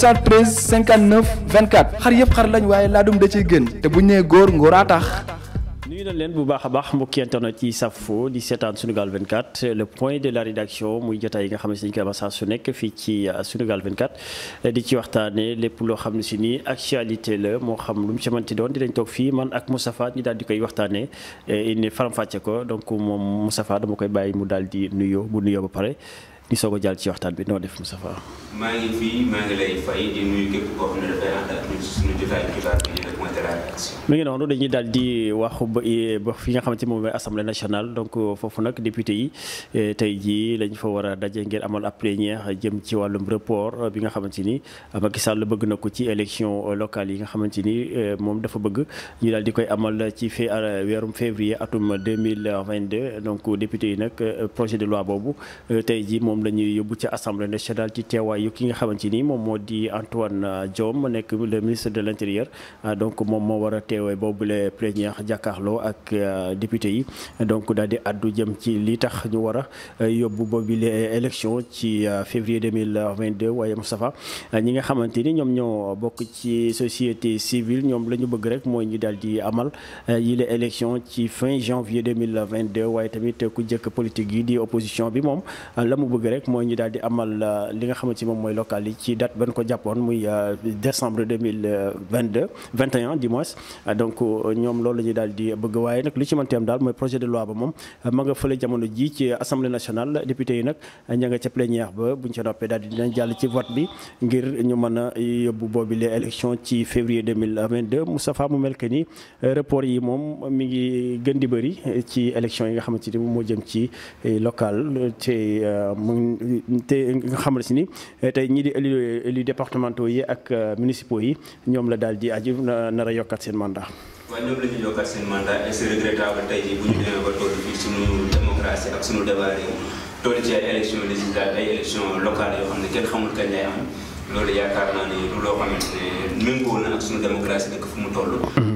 713 59 24 xar yëpp xar lañ waaye laadum da ciy gën te buñ ñu nee góor ngóoraa tax. nuyu na leen bu baax a baax mbokki internet yi safo di seetaan Sunugal 24 le point de la rédaction muy jotaay yi nga xam ne si dañu koy amal saa su nekk fii ci euh, Sunugal 24 euh, di ci waxtaanee lépp loo xam ne si nii actualité la moo xam lu mu ci doon di dinañ toog fii man ak Moustapha ñu daal di koy waxtaanee indi euh, faram-fàcce ko donc moom Moustapha dama koy bàyyi mu daal di nuyoo bu nuyoo ba pare. di soog a jàll ci waxtaan bi noo def Moustapha. maa ngi fii maa ngi lay fay di nuyu képp xam ne dafay ànd ak suñu jotaay xibaar mi ngi noonu dañuy daal di wax ba ba fi nga xamante moom mooy assemblée nationale donc euh, foofu nag député yi euh, tey jii lañ fa war a daje ngeen amal ab plénière jëm ci wàllum report euh, bi nga xamante ni Macky Sall bëgg na ko ci élection locale yi nga xamante ni moom dafa bëgg ñu daal di koy amal ci fee weerum février atum 2022 donc député yi nag projet de loi boobu tey jii moom la ñuy yóbbu ci assemblée nationale ci teewaayu ki nga xamante ni moom moo di Antoine Diome nekk le ministre de l'intérieur ah, donc moom moo war a teewee boobule plénière jàkkaarloo ak euh, député yi donc daal di addu jëm ci li tax ñu war a euh, yóbbu boobule élection ci euh, février 2022 waaye Moustapha ñi nga xamante ni ñoom ñoo bokk ci société civile ñoom la ñu bëgg rek mooy ñu daal di amal yile élection ci fin janvier 2022 waaye tamit ku jëkk politique yi di opposition bi moom la mu bëgg rek mooy ñu daal di amal li nga xamante ni moom mooy local yi ci date ban ko jàppoon muy décembre ans euh, donc euh, ñoom loolu la ñuy daal di bëgg waaye nag lu ci mën teem daal mooy projet de loi ba moom euh, ma nga fële jamono ji ci assemblée nationale député yi nag ña nga ca plénière ba buñ ca noppee daal di dinañ jàll ci vote bi ngir ñu mën yóbbu boobu les ci février 2022 Moustapha mu mel que ni report yi moom mi ngi gën di bëri ci élections yi nga xamante ni moo jëm ci local te mu te nga xamal si ni tey ñi di élus départementaux yi ak municipaux yi ñoom la daal nar a yokkaat seen mandat. waaye ñoom la ñuy seen mandat et c'est regrettable tey bu ñu demee ba toll fii suñu démocratie ak suñu débat réew ci ay élections législatives ay élections locales yoo xam ne kenn xamul kañ lay am loolu yaakaar naa ne du loo xamante ne méngoo na ak suñu démocratie dëkk fu mu toll. Mhm.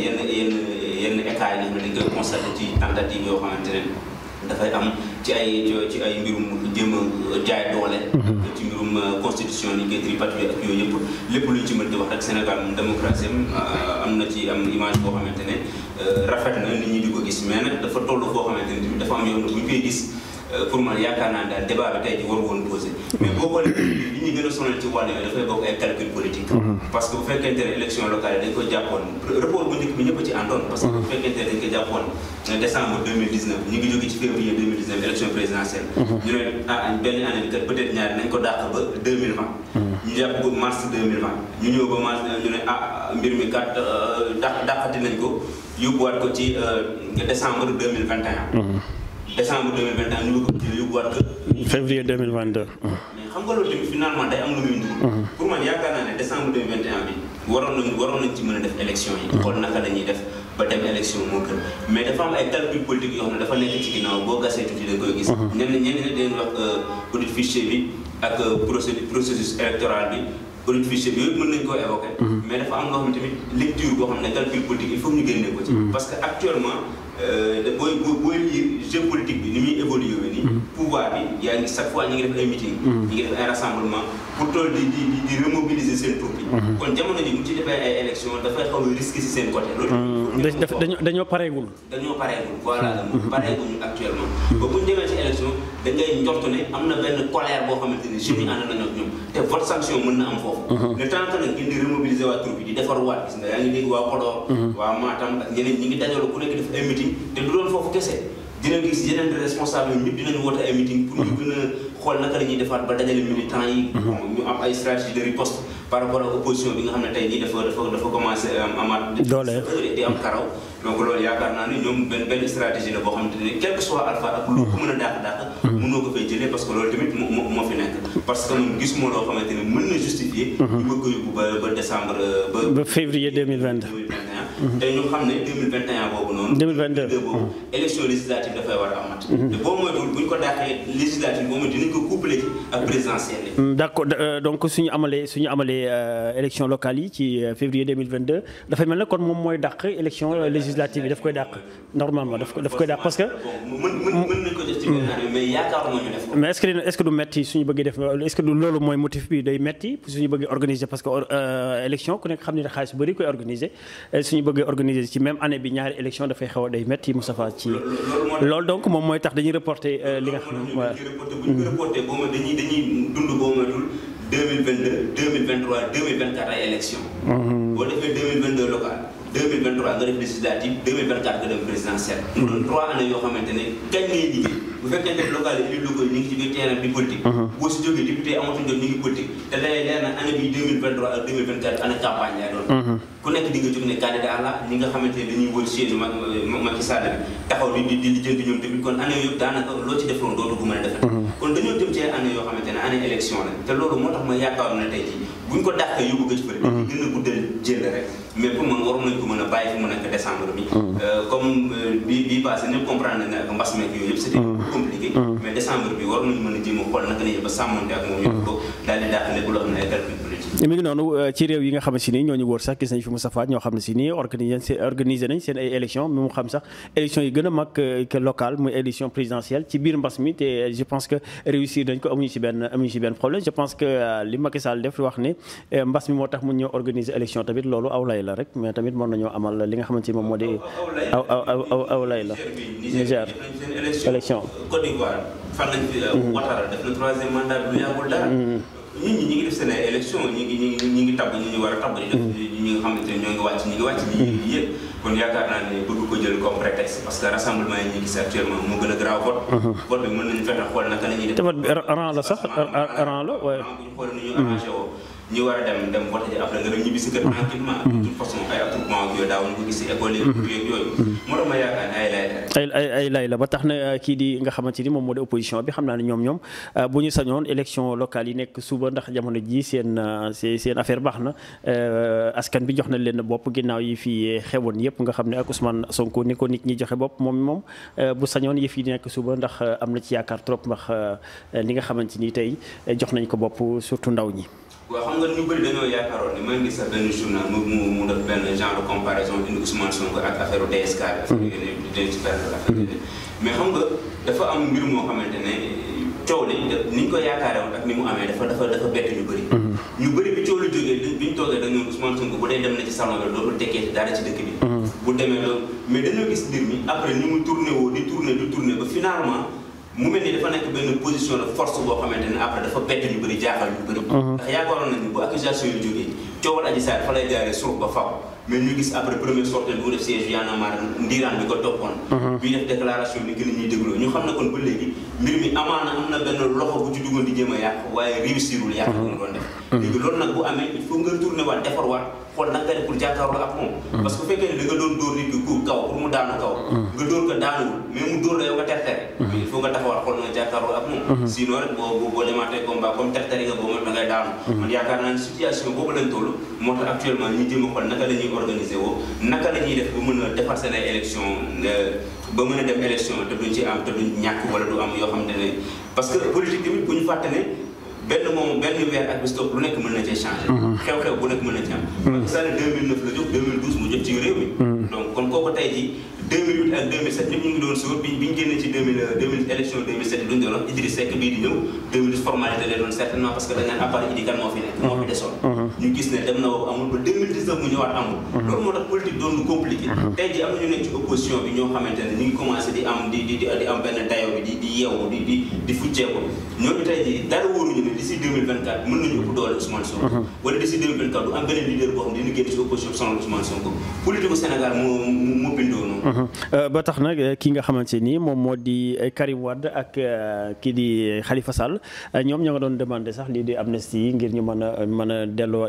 yenn yenn yenn écarts yi nga xam ne dañ koy constaté ci tentative yoo xamante ne dafay am ci ay ci ay mbirum jéem a jaay doole. Mhm. ci mbirum euh, constitution ni koy yooyu yëpp lépp luñ ci mën di wax rek Sénégal moom démocratie am euh, na ci am image boo xamante ne euh, rafet na nit ñi di ko gis mais nag dafa toll foo xamante ne dafa am yoon bu ñu koy gis. Euh, pour man yaakaar naa daal débat bi tey ji waru woon mais boo xoolee li ñu gën a sonal ci wàll yooyu dafay bokk ay calcul politique mhm. parce que bu fekkente ne élection locale yi dañ ko jàppoon report bu njëkk bi ñëpp ci àndoon parce que bu mhm. fekkente ne dañ ko jàppoon euh, décembre 2019 ñu ngi jóge ci février 2019 élection présidentielle mhm. ñu ne ah benn année bi kat peut ñaari nañ ko dàq ba 2020 ñu jàpp ñu ñëw ba mars ñu ah, décembre 2021 ñu ko jëlee yóbbuwaat ko. février 2022. mais xam nga loolu tamit finalement day am lu muy ndur. Mhm. pour man yaakaar naa ne décembre 2021 bi waroon nañ waroon nañ ci mën a def élection yi. Mhm. xool naka la ñuy def ba dem élection moo gën mais dafa am ay da koy gis. Mhm. ñenn ñenn ñi wax euh, audit fichier bi ak euh, bi. audit bi yooyu mën boo xam ne calcul politique il faut ñu génne ko ci. parce que actuellement. Euh, booy booy lire jeu politique bi ni muy évolué ni mm-hmm. pouvoir bi yaa ngi chaque fois ñi ngi def ay meeting mm-hmm. ñi ngi def ay rassemblement pour tool di di di remobiliser seen tur mm-hmm. kon jamono ji mu ci defee ay élection dafay xaw a risqué si seen côté loolu dañoo pareegul dañoo pareegul voilà pareeguñu actuellement ba buñ demee ci élection da ngay njort ne am na benn colère boo xamante ni jeunes yi ànd nañu ak ñoom te vote sanction mën na am foofu le temps mobiliser waa troupe yi di defar waat gis yaa ngi dégg waa Podor mhm. waa Matam ak ñi ngi dajaloo ku nekk def ay te du doon foofu kese dina gis yeneen responsable yi ñëpp dinañu woote ay pour ñu mhm. gën a xool naka la ñuy defaat ba dajale militant yi mhm. ñu am ay stratégie de riposte par rapport ak opposition bi nga xam ne tey nii dafa dafa dafa commencé euh, amaat doole di am karaw donc yaakaar naa ne ñoom benn benn stratégie la boo xam te ne quel que soit ak lu ko a dàq dàq mënoo ko fay jëlee parce que loolu tamit moo moo fi nekk. parce que man gisuma loo xamante ni mën na justifier. Mhm. ñu bëgg yóbbu ba ba décembre euh, ba. ba février 2022. te ñu xam ne 2021 boobu noonu. 2022 boobu mhm. élection législative dafay war a amat. Mhm. te boo moytuwul bu ñu ko dàqee législative boobu dinañ ko couplé ak présidentielle. Mm, d' accord euh, donc suñu amalee suñu amalee euh, élection locale yi ci février 2022 dafay mel ne kon moom mooy dàq élection législative yi daf koy dàq normalement daf koy dàq parce que. mais yaakaaruma ñu def ko. mais est ce que est ce que du metti suñu bëgg def est ce que du loolu mooy motif bi day metti suñu bëgg organiser parce que euh, élection ku nekk xam ne xaalis bëri koy organiser euh, suñu bëgg organiser ci même année bi ñaari élection dafay xaw a day metti Moustapha ci. loolu donc moom mooy tax dañuy reporter euh, li nga xam ne mm-hmm. reporter boo dañuy dund boo ma dul 2022 2023 2024 ay élection mm-hmm. boo defee 2022 local 2023 nga def législative 2024 nga dem présidentielle. mu bu fekkee uh-huh. na année bi uh-huh. nga jóg ne candidat la ñi nga xamante ne dañuy wër siège Macky Sall daanaka loo ci defoon dootu ko mën a def uh-huh. kon dañoo jëm ci année yoo xamante ne année élection la te loolu moo tax ma yaakaar na tey jii buñ ko dàqee yóbbu ko ci bëri. Mm-hmm. gën a guddal jël rek. mais pour man waroon nañ ko mën a bàyyi fi mu nekk décembre bi. Mm-hmm. Euh, comme euh, bi bii passé ñëpp nañ ne mbas meeg yooyu yëpp c'était mm-hmm. compliqué. mais décembre bi waroon nañ mën a jéem xool naka la ñuy ba sàmmante moom ñu ko daal di dàq lépp loo xam ne ay calcul politique. mi ngi noonu euh, ci réew yi nga xam ne si nii ñoo ñu wóor sax gis nañ fi Moustapha ñoo xam ne si nii organisé organisé nañ seen ay élection mu xam sax élection yi gën a mag que locale muy ci biir mbas mi je pense que réussir nañ ko amuñu si benn amuñu si benn problème je pense que li Macky Sall def wax ne Eh, mbas mi moo tax mu ñëw organiser élection tamit loolu aw lay la rek mais tamit mën nañoo amal li nga xamante ni moom moo di. aw aw la. sax rang la waaye. Mm-hmm. ñu mm-hmm. Mm-hmm. ay ay lay la ay ba tax na euh, kii di nga xamante ni moom moo di opposition bi xam naa ne ñoom ñoom euh, bu ñu sañoon élection locale yi nekk suba ndax jamono ji seen euh, seen affaire baax na askan bi jox na leen bopp ginnaaw yi fii xewoon yëpp nga xam ne ak Ousmane Sonko ni ko nit ñi joxe bopp moom moom bu sañoon yëf yi nekk suba ndax am na ci yaakaar trop ndax li nga xamante ni tey jox nañ ko bopp surtout ndaw ñi waaw xam nga ñu bëri dañoo yaakaaroon ni maa ngi sax benn journal mu mu mu def benn genre de comparaison indi Ousmane Sonko ci perdre affaire mhm. mhm. mais xam nga dafa am mbir moo xamante ne coow li ni ñu ko yaakaaroon ak ni mu amee dafa dafa bett ñu bëri. Mhm. ñu bëri bi coow lu jógee bi ñu toogee dañu Ousmane Sonko bu dee dem na ci salon bi dootul tekkee dara bu demee loolu mais dañoo gis mbir mi après ni mu tourné woo di tourné di tourné ba finalement. mu mel ni dafa nekk benn position de force boo xamante ne dafa bett ñu bëri jaaxal ñu bëri. Mhm. ndax yaakaaroon nañu bu accusation yi jógee coowal Adji Sarr fa lay jaaree suuf ba faw mais ñu gis après première sortie bu def siège Y'en a marre ndiiraan bi ko toppoon. bi mhm. def déclaration ni gën a ñuy ñu xam ne kon ba léegi mbir mi amaana am na benn loxo bu ci di jéem a yàq waaye réussirul yàq. mu mhm. doon def. léegi loolu nag bu amee il faut nga tourné waat defar waat xool nag nga pour jàkkaarloo ak moom mm. parce que bu fekkee ne da nga doon dóor nit ki ku kaw pour mu daanu kaw mm. nga dóor ko daanuwul mais mu dóor la yow nga tertere mm. mais il faut nga da ngay daanu man yaakaar naa ne situation boobu lañ toll moo tax actuellement ñu jéem a xool naka la woo naka la ñuy def ba mën a defar seen ay élection ba mën a dem élection te duñ ci am te duñ ñàkk wala du am yoo xam ne parce que politique tamit bu ñu fàtte ne benn moom benn weer ak topp lu nekk mën na cee changé. Mhm. xew-xew bu nekk mën na ci am. Macky Sall 2009 la jóg 2012 mu jot ci réew mi. Mhm. donc kon kooku tey jii 2008 ak 2007 ñëpp ñu ngi doon suur bi bi ñu génnee ci 2000 2000 élection 2007 lu ñu doon wax Idriss Seck bii di ñëw 2008 formalité lay doon certainement parce que dañ naan à part Idi kan moo fi nekk. moo fi desoon. ñu gis ne dem na boobu amul ba 2019 mu ñëwaat amul. Mhm. loolu moo tax politique doon lu compliqué. Mhm. tey ji am na ñu nekk ci opposition bi ñoo xamante ne ñu ngi commencé di am di di di yeewu di di fucceeku ñooñu tey ji dara wóoruñu ne d'ici 2024 mën nañu ëpp doole Ousmane Sonko. Mhm. wala d'ici 2024 du am beneen leader bindoo noonu. Euh, ba tax nag ki nga xamante nii moom moo di euh, Karim Wade ak euh, kii di Khalifa Sall ñoom ñoo nga doon demandé sax lii di amnistie ngir ñu mën mën a delloo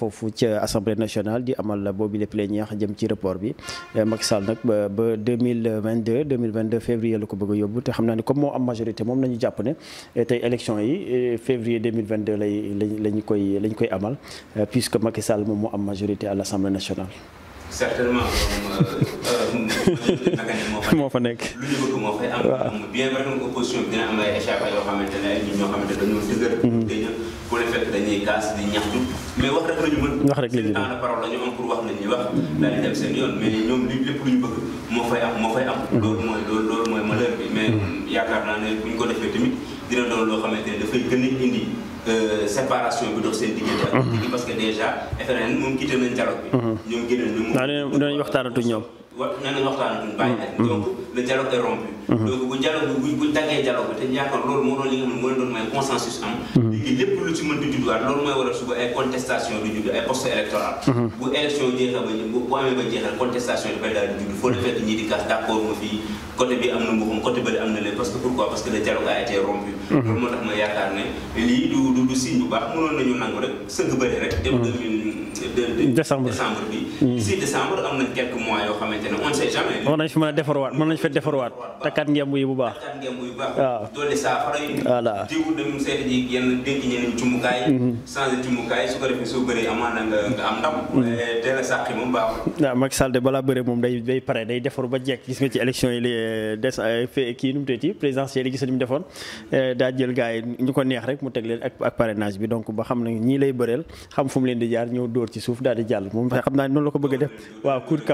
foofu ca assemblée nationale di amal boobu la plénière jëm ci report bi eh, Macky Sall nag ba ba 2022 2022 février la ko bëgg a yóbbu te xam naa ne comme moo am majorité moom nañu jàpp ne eh, tey élection yi eh, février 2022 lay lañ lañ koy lañ koy amal puisque Macky Sall moom moo am majorité à l'Assemblée nationale certainement euh, euh, moo fa nekk lu ñu bëgg moo fay am dañu bu la fekk dañuy gaas di ñaxtu mais wax mhm. moo fay am moo fay am mhm. loolu mooy malheur bi mais mhm. yaakaar naa ne bu ñu ko tamit dina doon loo xamante ne dafay gën a indi Euh, séparation bi dox seen diggante ak nit ñi parce que déjà FNL moom quitté nañ dialogue bi. Mhm. ñoom génnoon ñoom. daanaka dinañ waxtaanatu ñoom. wa nee nañ waxtaanatuñ bàyyi nañ. Mhm. donc le dialogue est a mhm. donc bu dialogue bu bu daggee dialogue bi te ñu loolu moo doon li nga ne doon may consensus am. lépp lu ci mën di jubluwaat loolu mooy waral suba ay contestation du jublu ay poste électoral mhm. bu élection jeexee ba bu bu amee ba jeexal contestation dafay daal di jublu foo defee fekk ñii di kaas d'accord ma fii côté bi am na mbuxum côté bële am na lépp parce que pourquoi parce que le dialogue a été rompu mhm. loolu moo tax ma yaakaar ne lii du du signe mm. mm. nañu fi mën a defarwaat mën nañu fi defarwaat takkaat ngemb yi bu baax. takkaat bu baax. waaw doole saafara yi. voilà mm-hmm. mm-hmm. a balaa bëree moom day day pare day defar ba jekk gis nga ci élection yi euh, des euh, kii nu mu présidentielle yi defoon euh, daa jël gars yi ñu ko neex rek mu teg leen ak parrainage bi donc ba xam na ñii lay bëreel xam fu mu leen di jaar ñëw dóor ci suuf daal di jàll moom xam naa noonu la ko bëgg a def waaw coup de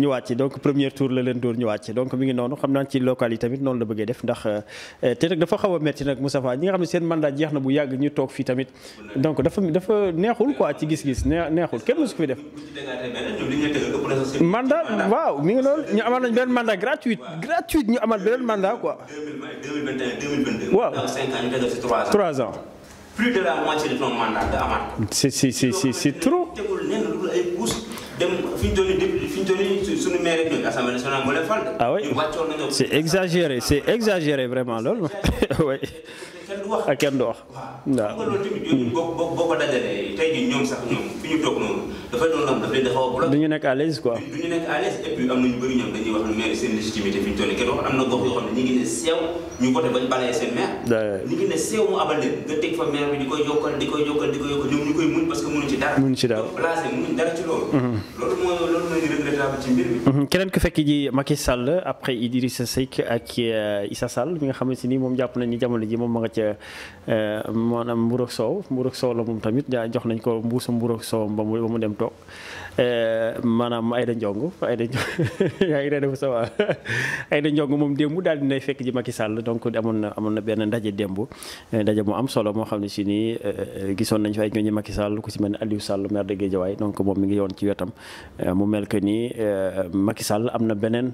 ñu wàcc donc premier tour la leen dóor ñu wàcc donc mi ngi noonu xam naa ci local yi tamit noonu la bëggee def ndax euh, te nag dafa xaw a metti nag Moustapha ñi nga xam ne seen mandat jeex na bu yàgg ñu toog fii tamit donc dafa dafa neexul quoi ci gis-gis neexul kenn musu ko fi def mandat waaw mi ngi loolu ñu amal nañ beneen mandat gratuit gratuit ñu amal beneen mandat quoi waaw trois ans plus de la moitié de ton mandat nga amaat ko. c' est c' est lu ay puus dem fi ñu doon député fi ñu doon suñu ah vraiment loolu. kenn du ak ah, kenn du wax. waaw boo ko dajalee tey jii ñoom sax ñoom fi ñu toog noonu dafay doon am daf leen dafa bloqué. du ñu nekk à l'aise am na ñu bëri ñoom dañuy wax ne maire seen légitimité fi ñu toll nii kenn wax am na gox yoo xam ne ñu ngi seew mu abal leen nga teg fa maire bi di koy yokkal di koy yokkal di koy yokkal ñoom ñu koy muñ parce que ci dara. mënuñ ci dara donc placé mënuñ ci loolu. Mm-hmm. loolu mooy loolu mooy dirigeable ci mbir mhm. keneen ku fekk ji Macky Sall après sa Seck ak euh, sa Sall mi nga xamante ni moom jàpp nañ ni jamono ji moom ma nga ca euh, maanaam mbuur ak soow mbuur la moom tamit jox nañ ko mbuusu mbuur ak soowam mu ba mu dem toog euh, maanaam Aïda Ndiongo Aïda Ndiongo ça va Aïda Ndiongo moom démb daal dinay fekk ji Macky Sall donc amoon na amoon na benn ndaje démb ndaje mu am solo moo xam ne si nii gisoon nañ fi ay ñooñu Macky Sall ku si mel ne Aliou Sall maire de donc moom mi ngi yoon ci wetam mu mel que ni ni euh, Macky Sall am na beneen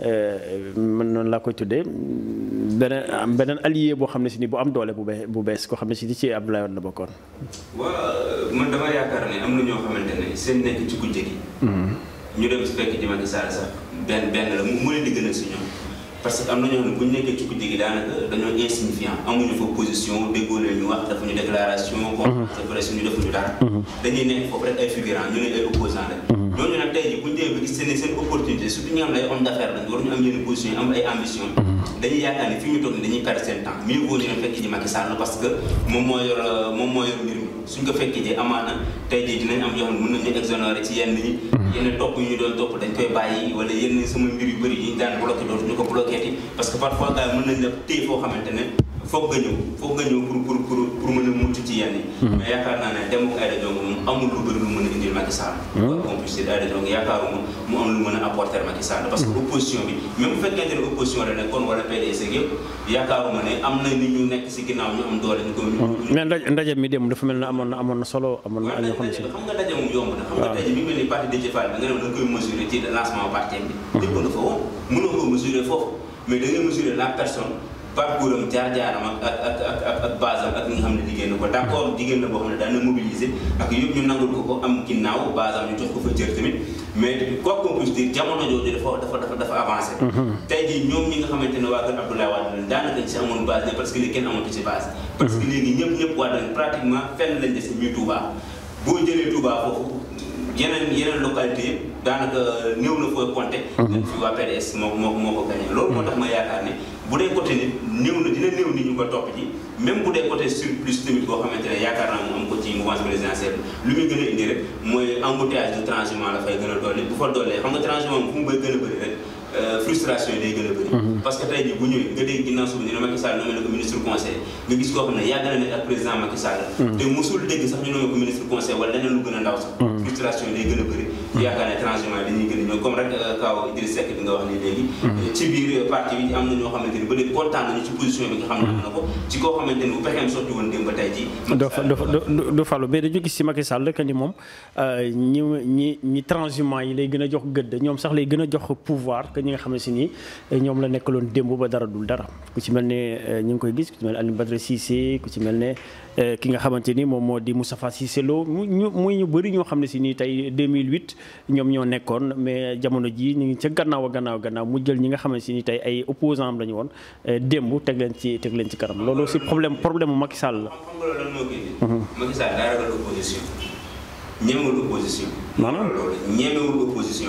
euh, man noonu laa koy tudde beneen am beneen allié boo xam ne si ni bu am doole bu bees bu bees koo xam ne si ni ci ab Wade la bokkoon. Euh, man dama yaakaar ne am na ñoo xamante ne seen nekk ci kujje gi. Mhm. ñu dem si fekk ci Macky sax benn benn la mu leen di gën a si ñoom parce que am na ñoo xam ne bu ñu nekkee ci kujje gi daanaka dañoo insignifiant amuñu fa position déggoo leen wax defuñu déclaration. Mhm. conférence de presse ñu defuñu dara. Mhm. dañuy nekk foofu gis ne seen opportunité surtout ñi nga xam ne ay homme d'affaires lañ war ñu am yenn position am ay ambition mhm. dañuy yaakaar ne ñu que moom moo moom moo yor mbir mi suñ ko fekkee ji amaana tey jii dinañ am yoo xam ne mën nañu yi mhm. topp ñu doon topp dañ koy bàyyi wala yenn sama mbir yu bëri yi ñu daan bloqué dootu ñu ko bloqué parce que parfois gars yi nañ la téye foo xamante ne foog nga ñëw foog nga ñëw pour pour pour pour mën a mucc ci yenn yi. Hmm. mais yaakaar naa ne dem ak Aïda Ndiongue moom amul lu bëri a indil Macky Sall. waaw hmm. a apporter Macky Sall. parce que hmm. opposition bi même bu fekkente ne am na nit ñu nekk si ginnaaw ko. mais ndaje ndaje mi dem dafa mel ne amoon na amoon na solo amoon na. ñoo xam si xam nga ndaje moom yomb na. xam nga ndaje mi mel ni parti Déthié Fall bi nga dem da nga koy mesurer ci lancement foofu mais da ngay mesurer la personne parcours am jaar-jaaram ak ak ak ak ak ak nga xam ne liggéey na ko d' accord jigéen la boo xam ne daan na mobiliser ak yëpp ñu nangul ko ko am ginnaaw base am ñu jox ko fa cër tamit mais quoi qu'on puisse dire jamono mm-hmm. ñi nga xamante ne waa kër Abdoulaye Wade lañ daanaka ci amoon base ne parce que léegi kenn amatu ci base. Mm-hmm. parce que léegi ñëpp ñëpp waa dañ pratiquement fenn lañ des ñuy Touba boo jëlee Touba foofu. yeneen yeneen localité yëpp daanaka néew na fooy compter. Mm-hmm. waa PDS moo moo moo ko gagné. loolu moo tax ma yaakaar ne. bu dee côté nit néew na dina néew nit ñu ko topp ji même bu dee côté surplus tamit boo xamante ne yaakaar naa mu am ko ci mouvance présidentielle mu bay gën a bëri euh, frustration yi day gën a bëri mhm. parce que tey bu ñëwee nga ne Macky ko ministre conseil nga gis koo mhm. mhm. yi dañuy gën comme rek euh, kaw Idriss Seck bi nga wax ne léegi mm-hmm. ci biir euh, parti bi am na ñoo xamante ni moom euh, ñi ñi ñi yi lay gën a jox gëdd ñoom sax lay gën a jox pouvoir que ñi nga xam ne nii ñoom la nekk démb ba dara dul dara ku ci mel ne ñu ngi koy gis ku ci mel ne ku ci mel ne ki nga xamante ni moom moo di Moustapha Cissé Lo mu ñu muy ñu bëri ñoo xam ne si nii tey 2008 ñoom ñoo nekkoon mais ne jamono jii ñu ngi ca gannaaw a gannaaw gannaaw mu jël ñi nga xamante ni tey ay opposant am la ñu woon eh, démb teg leen ci teg leen ci kanam loolu aussi problème problème mu Macky Sall la. Mhm. Macky Sall daa ragal opposition. ñemewul mhm. a fexe noo la bu mu xëcc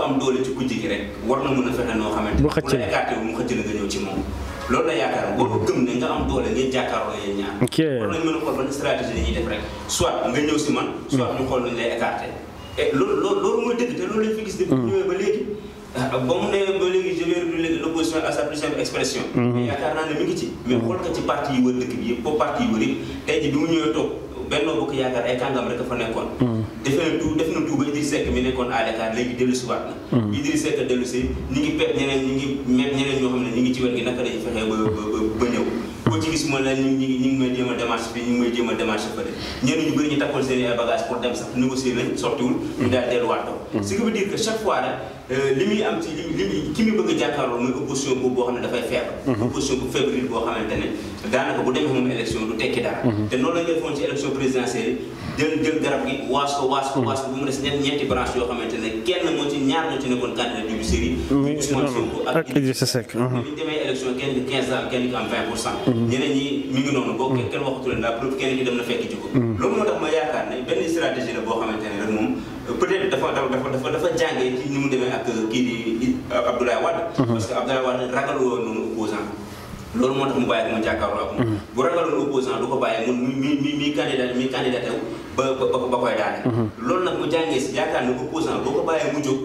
am doole ngeen a xool ban def rek. soit nga ñëw si man. soit ñu xool nañu lay écarté. et eh, loolu loolu loolu mooy dëgg te loolu lañ fi gis. depuis hmm. ah, mu ne ba léegi je vais réguler l'opposition à sa plus simple expression. Hmm. mais yaakaar naa ne mi ngi ci. mais hmm. xool ci parti yi wër dëkk bi yëpp ba parti yi wër yëpp tey jii bi mu a fa def na tout ba Idriss Seck mi nekkoon à léegi dellu si na. Idriss Seck dellu si ngi pet ñeneen ñi ñoo xam ne ñi ngi ci wet gi naka dañuy fexe ba ba ba ñëw. koo ci gis mu ne ñu ngi ñu ngi may jéem a démarche bi ñu ngi may jéem a démarche fële ñenn ñu bëri ñu takkoon seen ay bagage pour dem sax négocier lañ sottiwul ñu daal delluwaat toog hmm. ce qui veut dire que chaque fois rek euh, li muy am ci li muy ki muy bëgg a jàkkaarloo mooy opposition boobu boo xam ne dafay faible hmm. opposition bu faible boo xamante ne daanaka bu demee moom élection du tekki dara hmm. te noonu la ñu defoon ci élection présidentielle jël jël garab gi waas ko waas ko waas ko bu mu des ñett ñetti branche yoo xamante ne kenn moo ci ñaar moo ci nekkoon candidat du série Ousmane Sonko ak kenn ki ans kenn ki am 20 pour cent. ñeneen ñi mi ngi noonu. boo mm. kenn waxatu leen la preuve kenn ki dem na fekk ci mm. loolu ma yaakaar ne benn stratégie la boo xamante ne rek moom peut-être dafa dafa dafa dafa jàngee ci ni mu demee ak kii di Abdoulaye Wade. Mm-hmm. parce que Abdoulaye Wade ragal woon noonu opposant loolu moo tax mu bàyyi ko mu jàkkaarloo moom. Mm-hmm. bu ragaloon opposant du ko bàyyi mun mi mi mi candidat mi candidat ba ba ba koy daane. Mm-hmm. loolu nag mu jàngee si yaakaar ne opposant boo ko bàyyee mu jóg.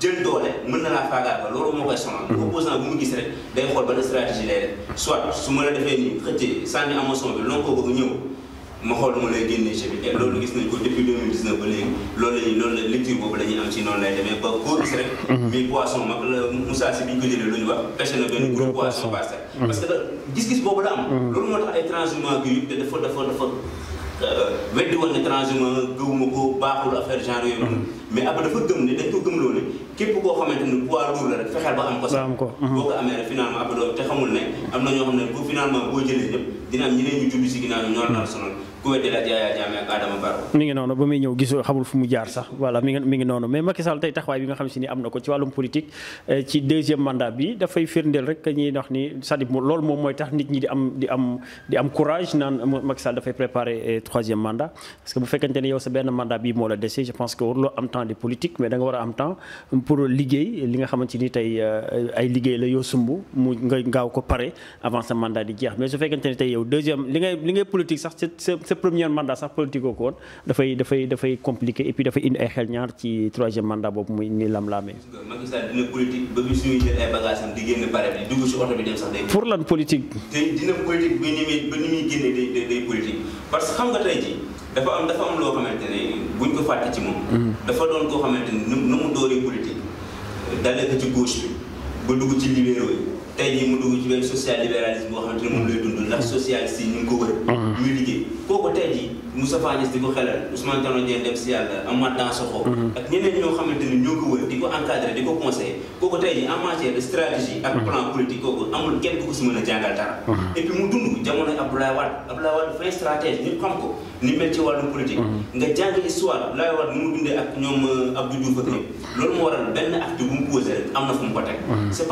jël doole mën na laa faagaat ba loolu moo koy sonal. Mhm. opposant mu gis rek day xool ban stratégie lay soit su ma la defee nii xëccee sànni amoo son bi loo ko bëgg ñëw ma xool nu ma lay gis nañ ko depuis 2019 ba léegi loolu la ñuy loolu la lecture boobu la mhm. ko jëlee lu ñu mhm. que gis-gis boobu la am. loolu moo tax ay transhumance yu te dafa dafa dafa. Euh, weddi woon ne transhumance gëwuma ko baaxul affaire genre yooyu. mais après dafa gëm ne dañ ko gëmloo ne. képp koo xamante ni poids lourd la rek fexeel ba am ko sax boo ko amee rek finalement après te xamul ne am na ñoo xam ne bu finalement boo jëlee ñëpp dina am ñu jublu si ginnaaw ñoo la sonal góor di la Yaya Jammeh ak Adama Barrow mi ngi noonu ba muy ñëw gisul xamul fu mu jaar sax voilà mi ngi noonu mais Macky Sall tey taxawaay bi nga xam si ni am na ko ci wàllum politique eh, ci deuxième mandat bi dafay firndeel rek ñuy wax ni c'est-à-dire loolu moom mooy tax nit ñi di am di am courage naan Macky dafay préparer eh, troisième mandat parce que bu fekkente ne yow sa benn mandat bi moo la dese je pense que waruloo am temps de politique mais da nga war a am temps pour liggéey li nga xamante ni tey eh, ay liggéey la yoo sumb mu nga gaaw ko pare avant sa mandat di jeex mais premier mandat sax politico ko woon dafay dafay dafay compliqué et puis dafay indi ay xel ñaar ci troisième mandat boobu muy ni lam laamee. Macky dina politique ba suñuy jël ay bagages di génn pare bi dugg si oto bi dem sax day. lan politique. bi dugg ci libéraux yi tey jii mu dugg ci benn social libéralisme boo xamante ne moom lay dund ndax socialiste yi ñu ngi ko wër. Ah. ñuy liggéey kooku tey ji Moustapha Niass di ko xelal Ousmane Tanor Dieng dem si yàlla Amath Dansokho mhm. ak ñeneen di ko encadré di ko conseillé kooku tey ji en matière de stratégie ak mhm. plan politique kooku amul kenn ku ko si mën a jàngal dara mhm. et puis ñu xam ko ni mel ci wàllum politique nga jàng histoire Abdoulaye Wade ni mu dundee ak ñoom euh, Abdou Diouf ak ñëpp loolu moo waral benn acte bu mu posé ko teg c'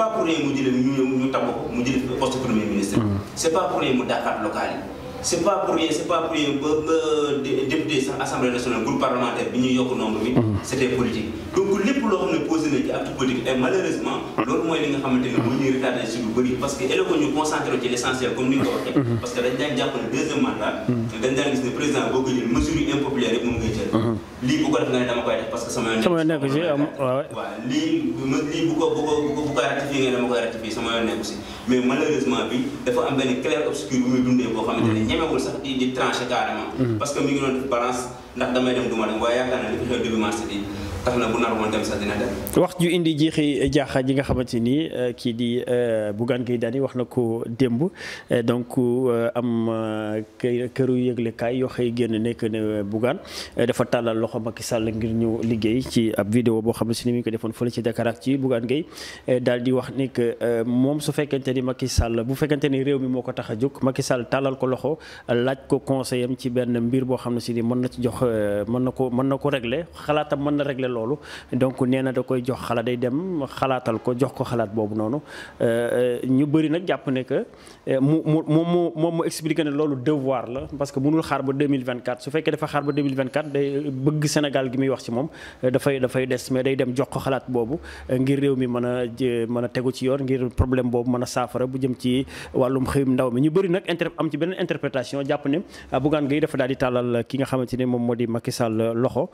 mu jëlee mu jëlee poste premier ministre c' pas pour rien mu dàqaat local yi c'est pas pour rien c'est pas pour rien ba ba député assemblée nationale groupe parlementaire bi ñuy yokk nombre bi. Mhm. c'était politique donc lépp loo xam ne posé na ci acte politique et si mhm. lu bëri parce que ëllëg ko ñu concentré ci l'essentiel comme ni nga ko mhm. parce que dañ daan jàpp ne deuxième mandat. dañ daan gis ne président boo ko jël mesures yi impopulaires yëpp jël. lii bu ko def nga ne dama koy def parce que sama yoon. nekk si. mais malheureusement bi dafa am benn clair obscur bu muy dundee boo xamante ne mm. ñemewul sax di di tranché carrément mm. parce que mi ngi doon def balance ndax damay dem du ma dem waaye yaakaar naa li fi xew début marché bi tax wax ju indi jiixi jaaxa ji nga xamante nii euh, kii di euh, Bougane Gueye Dany wax na ko démb euh, donc am këru yëglekaay yoo xëy génn nekk ne Bougane dafa tàllal loxo Macky Sall ngir ñu liggéey ci ab vidéo boo xam ne si ni mu ngi ko defoon fële ci Dakar ci buggan Gueye daal di wax ni que moom su fekkente ni makki Sall bu fekkente ni réew mi moo ko tax a jóg Macky sàll tàllal ko loxo laaj ko conseil ci benn mbir boo xam ne si ni mën na ci jox mën na ko mën na ko r loolu donc nee na da koy jox xalaat day dem xalaatal ko jox ko xalaat boobu noonu euh, ñu bari nag jàpp ne que euh, mu mu moom mu moom mu expliqué ne loolu devoir la parce que mënul xaar ba 2024 su fekkee dafa xaar ba 2024 day bëgg Sénégal gi muy wax ci moom euh, dafay dafay des mais day dem jox ko xalaat boobu ngir réew mi mën a jë man a tegu ci yoon ngir problème boobu mën a saafara bu jëm ci wàllum xëyum ndaw mi ñu bëri nag inter am ci benn interprétation jàpp ne Bougane Gueye dafa daal di tàllal ki nga xamante ne moom moo di Macky Sall loxo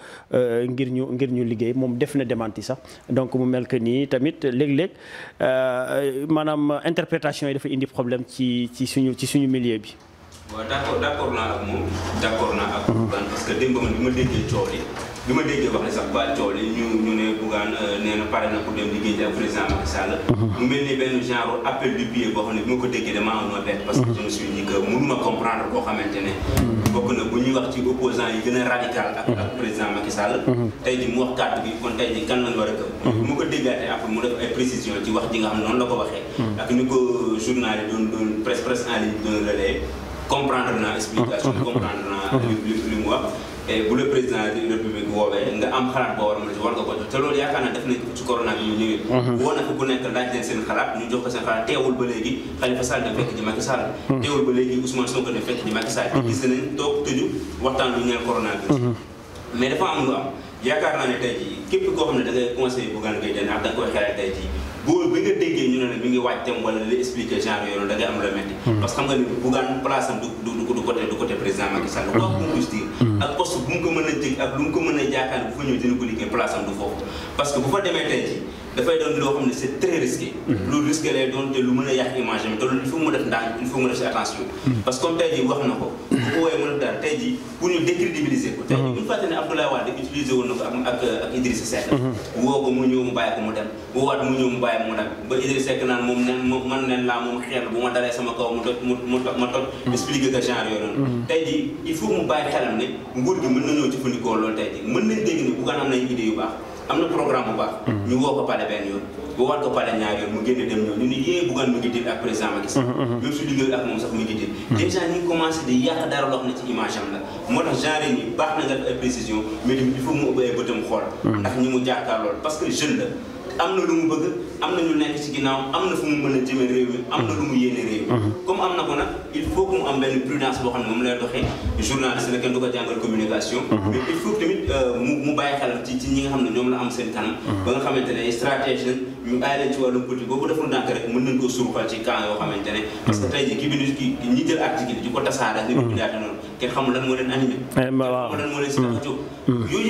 liggéey moom def na démenti sax donc mu mel que nii tamit léeg-léeg euh, maanaam interprétation yi dafa indi problème ci ci suñu ci suñu milieu bi. waaw d'accord d'accord naa ak moom d'accord naa ak. Mhm. parce que démb man bi ma déggee coow yi bi ma déggee wax ne sax baal tool yi ñu ñu ne Bougane euh, nee pare na pour dem liggéey ci président Macky Sall. Mhm. mu mel ni benn genre appel du pied boo xam ne bi ma ko déggee damaa noo bett. parce que mhm. mhm. na bu ñuy wax ci a radical. ak ak président Macky Sall. tey jii mu wax kàddu gi kon tey jii kan lañ war a gëm. ma ko déggaatee après mu def ay précisions ci wax ji nga xam noonu la ko waxee. ak ni ko journal yi doon doon presse presse en ligne doon relayer. comprendre naa explication comprendre naa li li mu wax et bu le président de la république woowee nga am xalaat boo war a mën war nga ko jox te loolu yaakaar naa def nañ ci corona bi ñu ñëwee mhm. woo na fi bu nekk laaj leen seen xalaat ñu jox ko seen xalaat teewul ba léegi Khalifa Sall dem fekk ji Macky Sall mhm. teewul ba léegi Ousmane Sonko dem fekk ji Macky Sall te mhm. gis nañ toog tëju waxtaan lu ñeel corona bi mais dafa am lu am yaakaar naa ne tey jii képp koo xam ne da ngay conseillé Bougane Gueye Dany ak da nga koy xelal tey jii boo bi nga déggee ñu ne ne mi ngi wàcceem wala li expliqué genre yooyu da am la metti hmm. parce que xam nga ni Bougane place am du du du côté du côté président Macky Sall hmm. quoi qu'on hmm. ak poste bu mu ko mën a jëg ak lu mu ko mën a jaakaar bu fa ñëw dina ko place am du foofu parce que bu fa demee tey ji dafay doon loo xam ne c'est très risqué lu risqué lay doon te lu mën a yàq image am te loolu mu def ndànk il faut mu def attention parce que comme ñu fàtte ne Abdoulaye Wade utilisé woon na ko ak ak Idrissa Seck. woo ko mu ñëw mu bàyyi ko mu dem woowaat mu ñëw mu bàyyi mu dem ba Idrissa Seck naan moom nen man nen laa moom xeer bu ma dalee sama kaw mu toj mu mu ma toj mm-hmm. expliqué que genre yooyu noonu mm-hmm. tey jii il faut mu bàyyi xelam ne nguur gi mën nañoo jëfandikoo loolu tey jii nañ dégg ne bu gaan am nañ idée yu baax am na programme bu baax. Mhm. ñu woo ko pale benn yoon. boo war ko pale ñaar yoon mu génn dem ñëw ñu ne yee buggoon mu ngi dil ak président Macky Sall. même mhm. su liggéeyul ak moom sax mu ngi dil. dèjà ñu ngi di yàq dara loo xam ci image la moo tax genre nii baax na nga def ay précision mais tamit il faut mu ubbi ay bëtam xool. Mhm. ndax ñi mu jàkkaarlool parce que jeune la. am na lu mu bëgg am na ñu nekk ci ginnaaw am na fu mu mën a jëme réew mi am na lu mu yéene réew mhm. comme am na ko nag il faut que mu am xam ne moom lay doxee journaliste la kenn du mhm. euh, mu mu bàyyi xel ci ci ñi nga xam ne ñoom la am seen kanam mhm. ba nga xamante ne stratégie ñu bàyyi leen ci wàllum politique boobu defoon ndànk rek mën nañ koo surfal ci camp yoo ne parce que tey jii kii bi ñu ñi jël article di ko tasaare nga bindaate noonu kenn xamul lan moo leen eh, waaw kenn xamul moo leen si hmm. hmm. hmm.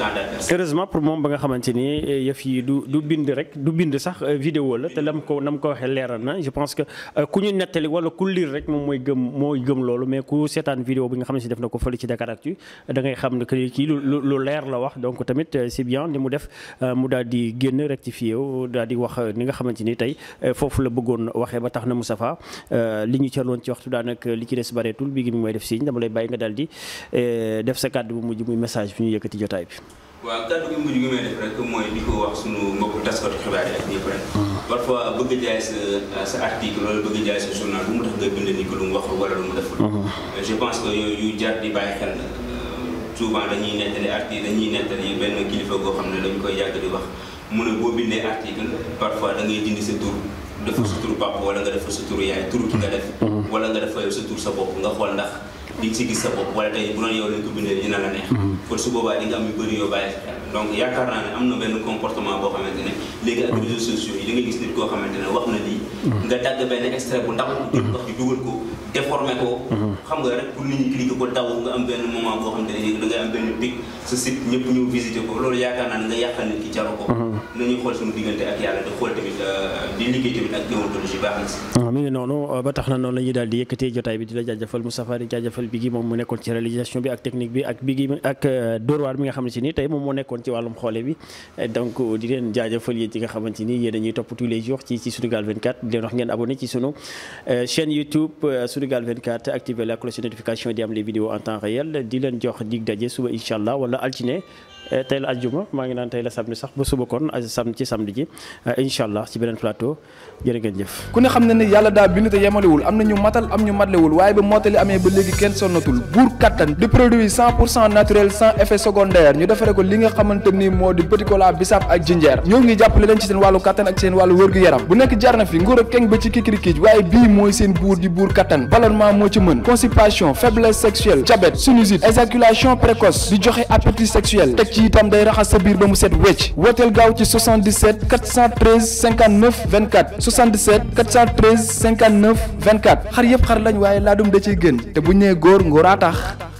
xamante heureusement pour moom ba nga xamante ni eh, yëf yi du du bind rek du bind sax eh, video la te lam ko nam ko waxee leeral na je pense que ku ñu nettali wala ku lire rek moom mooy gëm mooy gëm loolu mais ku seetaan vidéo bi nga xam si def na ko fële ci Dakaractu da ngay xam ne que kii lu lu leer la wax donc tamit c'est bien ni mu def mu daal di génn rectifié wu di wax ni nga xamante ni tey euh, foofu la bëggoon waxee ba tax na Moustapha euh, li ñu cërloon ci waxtu daanaka li ci des bareetul bi gi mooy def signe dama lay bàyyi nga daal di euh, def sa kàddu bu mujj muy message bi ñu yëkkati jotaay bi. waaw kàddu gi mujj gi may def rek mooy di ko wax sunu mbokku taskatu xibaar yi ak ñëpp rek. Mm-hmm. parfois bëgg jaay sa sa article bëgg jaay sa journal mm-hmm. que yooyu jar dañuy nettali article dañuy nettali benn kilifa goo xam ne dañu koy yàgg di wax. mu ne boo bindee article parfois da dindi sa tur. dafa sa tur papa wala nga dafa sa tur yaay tur ki nga def. Mm-hmm. wala nga dafa yow sa tur sa bopp nga xool ndax di ci gis sa bopp wala tey bu doon yow lañ ko bindee dina la neex. Mm-hmm. kon su boobaa di nga am yu bëri yoo bàyyi xel donc yaakaar naa ne am na benn comportement boo xamante ne. léegi ak réseaux sociaux yi da nga gis nit koo xamante ne wax na lii. Mm-hmm. nga dagg benn extrait bu ndax. wax dugal ko. déformé ko. xam nga rek pour nit ñi cliquer ko daw nga am benn moment boo xam ne da ngay am benn pic sa site ñëpp ñëw visiter ko loolu yaakaar naa ne nga yàqal nit ki jaru ko. Mhm. nañuy xool suñu diggante ak yàlla di euh, noonu euh, ba tax na noonu la ñuy daal di yëkkatee jotaay bi di la jaajëfal Moustapha di jaajëfal Biggi moom mu nekkoon ci réalisation bi ak technique bi ak Biggi ak euh, Dóor waar mi nga xam ne si nii tey moom moo nekkoon ci wàllum xoole bi donc di neen jaajëfal yéen ci nga xamante nii yéen dañuy topp tous ci ci Sunugal 24 di leen ngeen abonné ci sunu chaîne YouTube Sunugal 24 te activer la cloche di am les en temps réel di leen jox dig daje suba incha wala altine Euh, tey la ajjuma maa ngi naan tey la samedi sax ba suba kon a euh, samedi ci samedi ji euh, incha allah ci beneen plateau jërë jëf ku ne xam ne ni yàlla daa bind te yemalewul am na ñu matal am ñu matlewul waaye ba mottali amee ba léegi kenn sonnatul buur kattan di produit cent pour cent naturel sans effet secondaire ñu defare ko li nga xamante ni moo di petit cola bisaab ak jinjeer ñoo ngi jàppale leen ci seen wàllu kattan ak seen wàllu wërgu yaram bu nekk jarna fi nguur ak keng ba ci kikirikiij waaye bii mooy seen buur di buur kattan ballonnement moo ci mën constipation faiblesse sexuelle diabète sinusite éjaculation précoce di ci itam day raxas sa biir ba mu set wecc wooteel gaaw ci 77 413 59 24 77 413 59 24 xar yëpp xar lañ waaye laadum da ciy gën te bu ñu góor ngóoraa